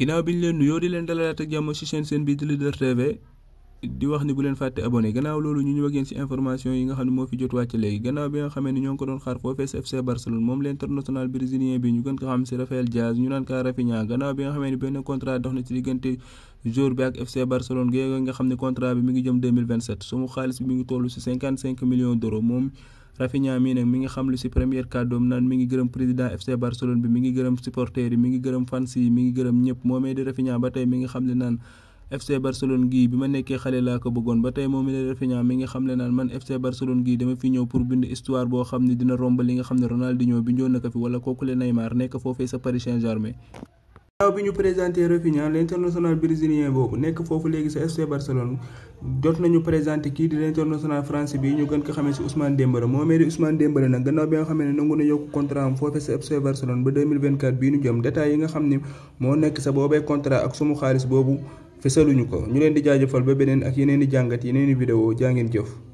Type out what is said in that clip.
ginnaaw bi ñu leen nuyoo di leen dalalaat jàmm ci seen seen bi di Leader TV di wax ni bu leen fàtte abonné gannaaw loolu ñu ñëw ak ci information yi nga xam ne moo fi jot wàcc léegi gannaaw bi nga xamee ne ñoo ko doon xaar foofee FC Barcelone moom l'international brésilien bi ñu gën ko xam ci Rafael Diaz ñu naan kaa Rafinha gannaaw bi nga xamee ne benn contrat dox na ci diggante joueur bi ak FC Barcelone géej nga xam ne contrat bi mi Rafinha mii nag mi ngi xam lu si première kàddoom naan mi ngi gërëm président FC Barcelone bi mi ngi gërëm supporters yi mi ngi gërëm fans yi mi ngi gërëm ñëpp moomee di Rafinha ba tey mi ngi xam ne naan FC Barcelone gii bi ma nekkee xale laa ko bëggoon ba tey moom la Rafinha mi ngi xam le naan man FC Barcelone gii dama fi ñëw pour bind histoire boo xam ne dina romb li nga xam ne Ronaldinho bi ñëw na ko fi wala kooku le Neymar nekk foofee sa Paris gannaaw bi ñu présenté Rafinha l'international brésilien boobu nekk foofu léegi sa FC Barcelone jot nañu présenté kii di l'international français bi ñu gën ko xamee ci Ousmane Dembélé moomee di Ousmane Dembélé nag gannaaw bi nga xamee ne nangu na yokk contrat am foofu sa FC Barcelone ba 2024 bii ñu jëm détails yi nga xam ne moo nekk sa boobee contrat ak sumu xaalis boobu fesaluñu ko ñu leen di jaajëfal ba beneen ak yeneen i jàngat yeneeni i vidéo ngeen jëf